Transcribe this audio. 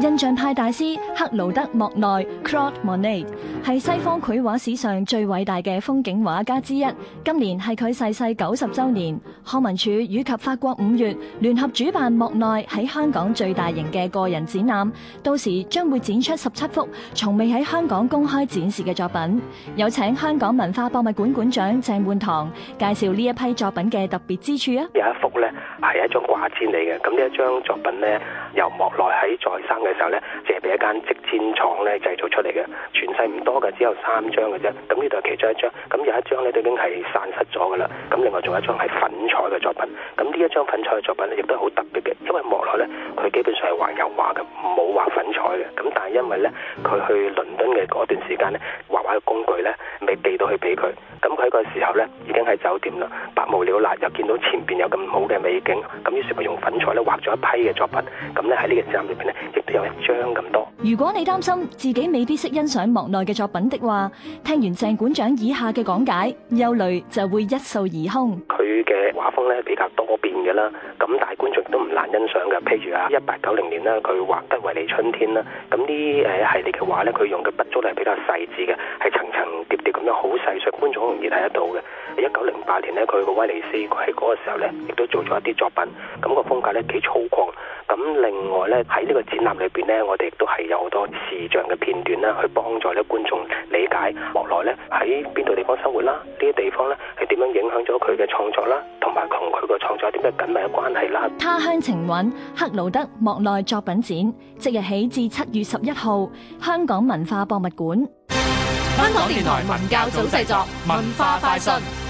印象派大師克勞德·莫奈 （Claude Monet） 係西方繪畫史上最偉大嘅風景畫家之一。今年係佢逝世九十周年，康文署以及法國五月聯合主辦莫奈喺香港最大型嘅個人展覽，到時將會展出十七幅從未喺香港公開展示嘅作品。有請香港文化博物館館長鄭煥堂介紹呢一批作品嘅特別之處啊！有一幅咧係一張畫氈嚟嘅，咁呢一張作品咧由莫奈喺在，在生，嘅時候咧，就係俾一間即戰廠咧製造出嚟嘅，傳世唔多嘅，只有三張嘅啫。咁呢度係其中一張，咁有一張咧，都已經係散失咗嘅啦。咁另外仲有一張係粉彩嘅作品。咁呢一張粉彩嘅作品咧，亦都係好特別嘅，因為莫奈咧，佢基本上係畫油畫嘅，冇畫粉彩嘅。咁但係因為咧，佢去倫敦嘅嗰段時間咧，畫畫嘅工具咧，未寄到去俾佢。咁佢嗰時候咧，已經喺酒店啦，百無聊賴，又見到前邊有咁好嘅美景，咁於是佢用粉彩咧畫咗一批嘅作品。咁咧喺呢個站入邊咧。有一張咁多。如果你擔心自己未必識欣賞莫內嘅作品的話，聽完鄭館長以下嘅講解，憂慮就會一掃而空。佢嘅畫風咧比較多變嘅啦，咁但係觀眾都唔難欣賞嘅。譬如啊，一八九零年啦，佢畫得維尼春天啦，咁呢誒系列嘅畫咧，佢用嘅筆觸咧係比較細緻嘅，係層層疊疊咁樣好細碎，觀眾好容易睇得到嘅。一九零八年咧，佢個威尼斯，佢喺嗰個時候咧，亦都做咗一啲作品，咁、那個風格咧幾粗獷。咁另外咧喺呢個展覽裏邊咧，我哋亦都係有好多視像嘅片段啦，去幫助咧觀眾理解莫奈咧喺邊度地方生活啦，呢啲地方咧係點樣影響咗佢嘅創作啦，同埋同佢嘅創作有啲咩緊密嘅關係啦。他鄉情韻：克勞德莫奈作品展，即日起至七月十一號，香港文化博物館。香港電台文教組製作，文化快訊。